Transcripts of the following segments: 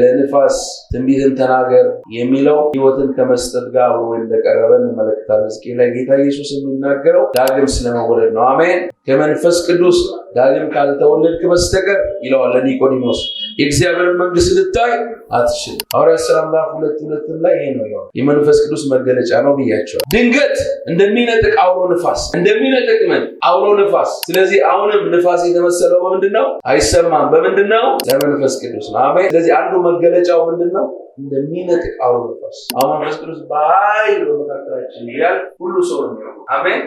ለንፋስ ትንቢትን ተናገር የሚለው ህይወትን ከመስጠት ጋር አብሮ እንደቀረበ እንመለከታለን። ሕዝቅኤል ላይ ጌታ ኢየሱስ የሚናገረው ዳግም ስለመወለድ ነው። አሜን። ከመንፈስ ቅዱስ ዳግም ካልተወለድክ በስተቀር ይለዋል ለኒቆዲሞስ የእግዚአብሔርን መንግስት ልታይ አትችልም። ሐዋርያት ሥራ ምዕራፍ ሁለት ሁለትም ላይ ይሄ ነው ይለዋል። የመንፈስ ቅዱስ መገለጫ ነው ብያቸዋል። ድንገት እንደሚነጥቅ አውሎ ንፋስ እንደሚነጥቅ ምን አውሎ ንፋስ። ስለዚህ አሁንም ንፋስ የተመሰለው በምንድን ነው? አይሰማም። በምንድን ነው? ለመንፈስ ቅዱስ ነው። አሜን። ስለዚህ አንዱ መገለጫው ምንድን ነው? እንደሚነጥቅ አውሎ ንፋስ። አሁን መንፈስ ቅዱስ በኃይል በመካከላችን ያል ሁሉ ሰው ነው። አሜን፣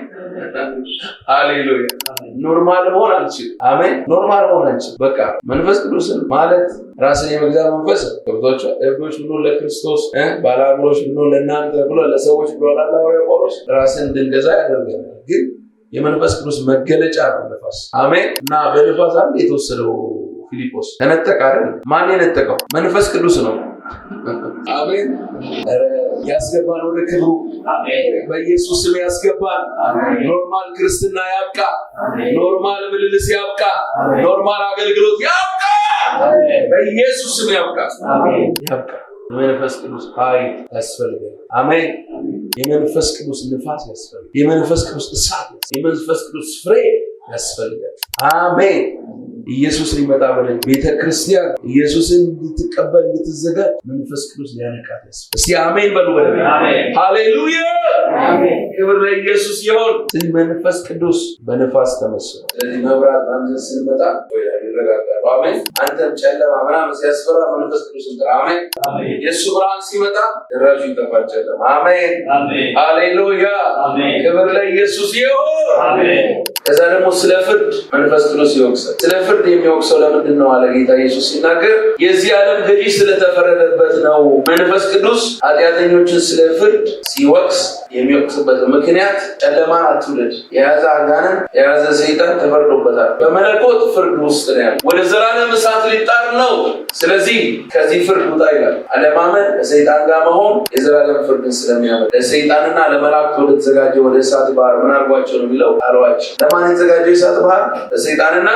ሃሌሉያ ኖርማል መሆን አልችልም። አሜን። ኖርማል መሆን አልችልም። በቃ መንፈስ ቅዱስን ማለት ራስን የመግዛት መንፈስ ገብቶች እብዶች ብሎ ለክርስቶስ ባላግሎች ብሎ ለእናንተ ብሎ ለሰዎች ብሎ ላላዊ ቆሮስ ራስን እንድንገዛ ያደርገናል። ግን የመንፈስ ቅዱስ መገለጫ ነው ነፋስ። አሜን። እና በነፋስ አንድ የተወሰደው ፊሊጶስ ተነጠቀ አይደል? ማን የነጠቀው? መንፈስ ቅዱስ ነው። አሜን ያስገባን ወደ ክብሩ በኢየሱስ ስም ያስገባን። ኖርማል ክርስትና ያብቃ። ኖርማል ምልልስ ያብቃ። ኖርማል አገልግሎት ያብቃ። በኢየሱስ ስም ያብቃ። መንፈስ ቅዱስ ኃይል ያስፈልጋል። አሜን። የመንፈስ ቅዱስ ንፋስ ያስፈልጋል። የመንፈስ ቅዱስ እሳት፣ የመንፈስ ቅዱስ ፍሬ ያስፈልጋል። አሜን። ኢየሱስ ሊመጣ ብለን ቤተ ክርስቲያን ኢየሱስን እንድትቀበል እንድትዘጋጅ መንፈስ ቅዱስ ሊያነቃት ያስ እስቲ አሜን በሉ። በለ ሃሌሉያ፣ ክብር ለኢየሱስ ይሆን። መንፈስ ቅዱስ በነፋስ ተመስሎ ስለዚህ መብራት ማምዘን ስንመጣ ይረጋጋሉ። አንተም ጨለማ ምናምን ሲያስፈራ መንፈስ ቅዱስ እንጠራ። አሜን። የእሱ ብርሃን ሲመጣ ድራሹ ይጠፋል ጨለማ። አሜን። ሃሌሉያ፣ ክብር ለኢየሱስ ይሆን። ከዛ ደግሞ ስለ ፍርድ መንፈስ ቅዱስ ይወቅሳል። ስለ ፍርድ ሰው ለምንድን ነው አለ ጌታ ኢየሱስ ሲናገር፣ የዚህ ዓለም ገዢ ስለተፈረደበት ነው። መንፈስ ቅዱስ ኃጢአተኞችን ስለ ፍርድ ሲወቅስ የሚወቅስበት ምክንያት ጨለማ አትውልድ፣ የያዘ አጋንን የያዘ ሰይጣን ተፈርዶበታል። በመለኮት ፍርድ ውስጥ ነው ያለ፣ ወደ ዘላለም እሳት ሊጣር ነው። ስለዚህ ከዚህ ፍርድ ውጣ ይላል። አለማመን ከሰይጣን ጋር መሆን የዘላለም ፍርድን ስለሚያመ ለሰይጣንና ለመላእክት ተዘጋጀ ወደ እሳት ባህር ምን አድርጓቸው ነው የሚለው አለዋቸው። ለማን የተዘጋጀው የእሳት ባህር ለሰይጣንና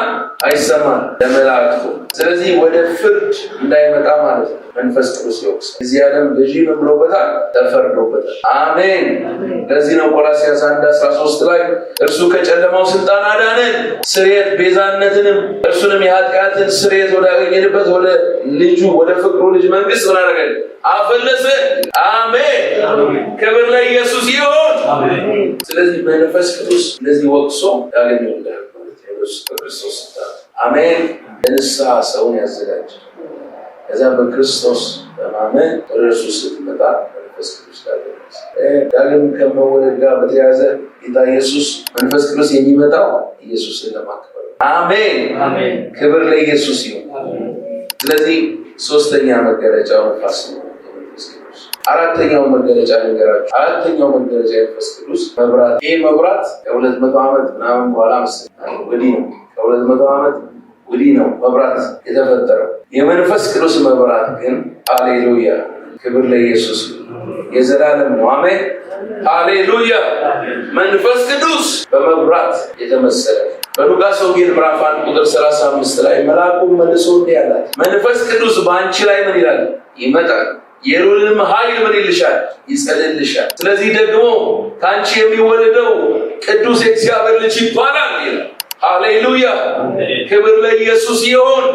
ይሰማል ለመላእክቱ። ስለዚህ ወደ ፍርድ እንዳይመጣ ማለት ነው መንፈስ ቅዱስ ይወቅስ። እዚህ ዓለም ገዢ ብሎበታል? ተፈርዶበታል። አሜን። ለዚህ ነው ቆላሲያስ አንድ አስራ ሶስት ላይ እርሱ ከጨለማው ስልጣን አዳነን፣ ስርየት ቤዛነትንም እርሱንም የኃጢአትን ስርየት ወዳገኘንበት ወደ ልጁ ወደ ፍቅሩ ልጅ መንግስት ምን አደረገን? አፈለሰን። አሜን። ክብር ላይ ኢየሱስ ይሁን። ስለዚህ መንፈስ ቅዱስ እነዚህ ወቅሶ ያገኘላል ማለት ክርስቶስ ስልጣን አሜን። ለንስሐ ሰውን ያዘጋጅ። ከዛ በክርስቶስ በማመን ወደ እርሱ ስትመጣ መንፈስ ቅዱስ ዳግም ከመወለድ ጋር በተያያዘ ጌታ ኢየሱስ መንፈስ ቅዱስ የሚመጣው ኢየሱስን ለማክበር አሜን። ክብር ለኢየሱስ ይሁን። ስለዚህ ሶስተኛ መገለጫው አራተኛው መገለጫ ነገራችሁ። አራተኛው መገለጫ መንፈስ ቅዱስ መብራት። ይህ መብራት ከሁለት መቶ ዓመት ምናምን በኋላ መሰለኝ ወዲህ ነው ከሁለት መቶ ዓመት ወዲህ ነው መብራት የተፈጠረው። የመንፈስ ቅዱስ መብራት ግን አሌሉያ ክብር ለኢየሱስ የዘላለም ዋሜ አሌሉያ መንፈስ ቅዱስ በመብራት የተመሰለ በሉቃስ ወንጌል ምዕራፍ አንድ ቁጥር 35 ላይ መልአኩም መልሶ እንዲህ አላት፣ መንፈስ ቅዱስ በአንቺ ላይ ምን ይላል? ይመጣል የሉልም ኃይል ምን ይልሻል? ይጸልልሻል። ስለዚህ ደግሞ ከአንቺ የሚወለደው ቅዱስ የእግዚአብሔር ልጅ ይባላል ይላል። አሌሉያ ክብር ለኢየሱስ ይሁን።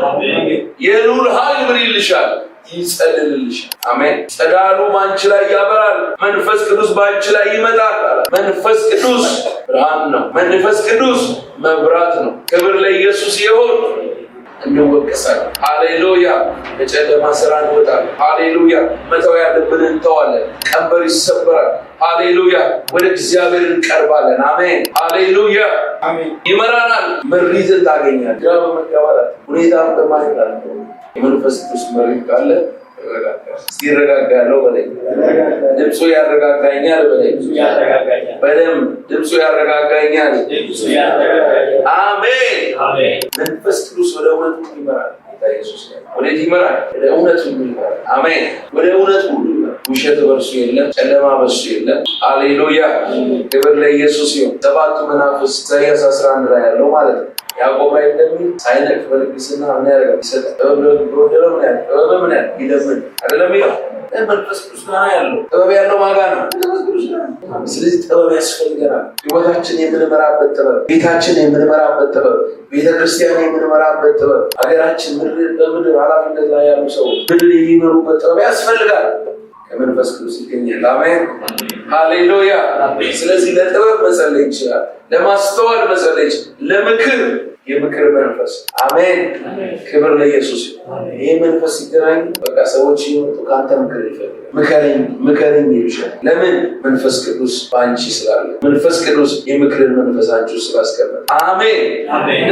የሉል ኃይል ምን ይልሻል? ይጸልልልሻል። አሜን። ጸዳሉ ባንቺ ላይ ያበራል። መንፈስ ቅዱስ ባንቺ ላይ ይመጣል። መንፈስ ቅዱስ ብርሃን ነው። መንፈስ ቅዱስ መብራት ነው። ክብር ለኢየሱስ ይሁን። እንወቀሳለን። ሃሌሉያ! የጨለማ ስራ እንወጣለን። ሃሌሉያ! መተው ያለብን እንተዋለን። ቀንበር ይሰበራል። ሃሌሉያ! ወደ እግዚአብሔር እንቀርባለን። አሜን። ሃሌሉያ! ይመራናል። ምሪትን ታገኛል። ግራ በመጋባላት ሁኔታ በማይላል የመንፈስ ቅዱስ መሪት ካለ ሲረጋጋ ያለው በላይ ድምፁ ያረጋጋኛል በላይ በደንብ ድምፁ ያረጋጋኛል። አሜን። መንፈስ ቅዱስ ወደ እውነት ሁሉ ይመራል። ኢየሱስ ወዴት ይመራል? ወደ እውነት ሁሉ ይመራል። አሜን። ወደ እውነት ሁሉ ውሸት በርሱ የለም፣ ጨለማ በርሱ የለም። አሌሉያ። ክብር ለኢየሱስ ይሁን። ሰባቱ መናፍስት ኢሳይያስ አስራ አንድ ላይ ያለው ማለት ነው ያዕቆብ ላይ እንደሚል ሳይነቅ በልግስና ምን ያደርጋል? ይሰጣል። ጥበብ ለወደለው ምን ያህል ጥበብ ምን ያህል ይለምን አይደለም ይለው መንፈስ ቅዱስ ጋር ያለው ጥበብ ያለው ማጋ ነው። ስለዚህ ጥበብ ያስፈልገናል። ህይወታችን የምንመራበት ጥበብ፣ ቤታችን የምንመራበት ጥበብ፣ ቤተክርስቲያን የምንመራበት ጥበብ፣ ሀገራችን በምድር ኃላፊነት ላይ ያሉ ሰዎች ምድር የሚመሩበት ጥበብ ያስፈልጋል። ከመንፈስ ቅዱስ ይገኛል። አሜን ሃሌሉያ። ስለዚህ ለጥበብ መጸለይ ይችላል፣ ለማስተዋል መጸለይ ይችላል፣ ለምክር የምክር መንፈስ አሜን። ክብር ለኢየሱስ። ይህ መንፈስ ሲገናኝ በቃ ሰዎች ከአንተ ምክር ይፈልጋል። ምከረኝ ምከረኝ ይሉሻል። ለምን? መንፈስ ቅዱስ በአንቺ ስላለ፣ መንፈስ ቅዱስ የምክርን መንፈስ አንቺ ስላስቀመጠ። አሜን።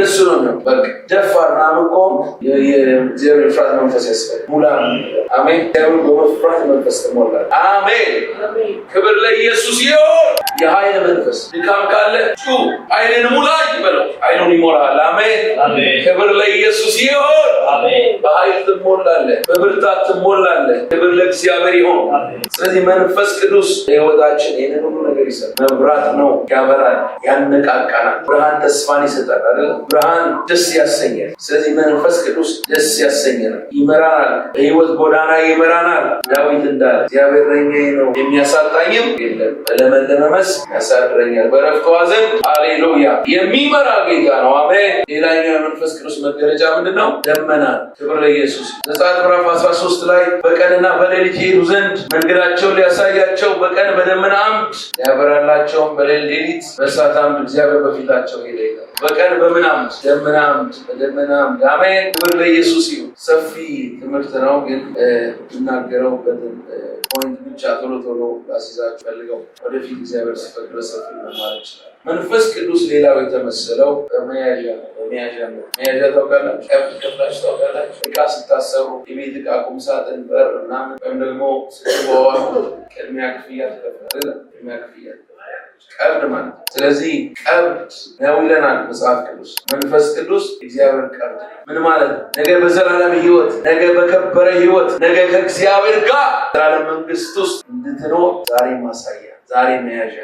እሱ ነው ነው በቃ ደፋር ናምቆም የእግዚአብሔር ፍርሃት መንፈስ ያስፈልጋል። ሙላ አሜን። እግዚአብሔር በመፍራት መንፈስ ትሞላል። አሜን። ክብር ለኢየሱስ ይሁን። የኃይል መንፈስ ድካም ካለ አይንን ሙላ ይበለው፣ አይኑን ይሞላል። አሜን። ክብር ለኢየሱስ ይሁን። ትሞላለህ፣ በብርታት ትሞላለህ። ክብር ለእግዚአብሔር ይሆን። ስለዚህ መንፈስ ቅዱስ ህይወታችን ይህን ሁሉ ነገር ይሰራል። መብራት ነው፣ ያበራል፣ ያነቃቃናል፣ ብርሃን ተስፋን ይሰጣል ብርሃን ደስ ያሰኛል። ስለዚህ መንፈስ ቅዱስ ደስ ያሰኘናል፣ ይመራናል፣ በህይወት ጎዳና ይመራናል። ዳዊት እንዳለ እግዚአብሔር እረኛዬ ነው የሚያሳጣኝም የለም፣ ለመለመመስ ያሳድረኛል፣ በረፍተዋ ዘንድ አሌሉያ። የሚመራ ጌታ ነው። አሜን። ሌላኛው የመንፈስ ቅዱስ መገለጫ ምንድን ነው? ደመና። ክብር ለኢየሱስ። ዘጸአት ምዕራፍ 13 ላይ በቀንና በሌሊት ይሄዱ ዘንድ መንገዳ መንገዳቸውን ሊያሳያቸው በቀን በደመና አምድ ሊያበራላቸውም በሌሊት ሌሊት በእሳት አምድ እግዚአብሔር በፊታቸው ሄደ ይላል። በቀን በምን አምድ? ደመና አምድ፣ በደመና አምድ። አሜን። ክብር ለኢየሱስ ይሁን። ሰፊ ትምህርት ነው፣ ግን የምናገረው ፖይንት ብቻ ቶሎ ቶሎ ላስይዛችሁ ፈልገው ወደፊት እግዚአብሔር ሲፈቅድ በሰፊ መማር ይችላል። መንፈስ ቅዱስ ሌላው የተመሰለው መያዣ መያዣ ነው። መያዣ ታውቃላችሁ፣ ከፍላች ታውቃላችሁ። እቃ ስታሰሩ የቤት እቃ፣ ቁምሳጥን በር ምናምን ወይም ደግሞ ስትበዋሉ ቅድሚያ ክፍያ ትከፍላለ። ቅድሚያ ክፍያ ቀብድ ማለት ነው። ስለዚህ ቀብድ ነው ይለናል መጽሐፍ ቅዱስ። መንፈስ ቅዱስ እግዚአብሔር ቀብድ ምን ማለት ነው? ነገ በዘላለም ህይወት ነገ በከበረ ህይወት ነገ ከእግዚአብሔር ጋር ዘላለም መንግስት ውስጥ እንድትኖር ዛሬ ማሳያ ዛሬ መያዣ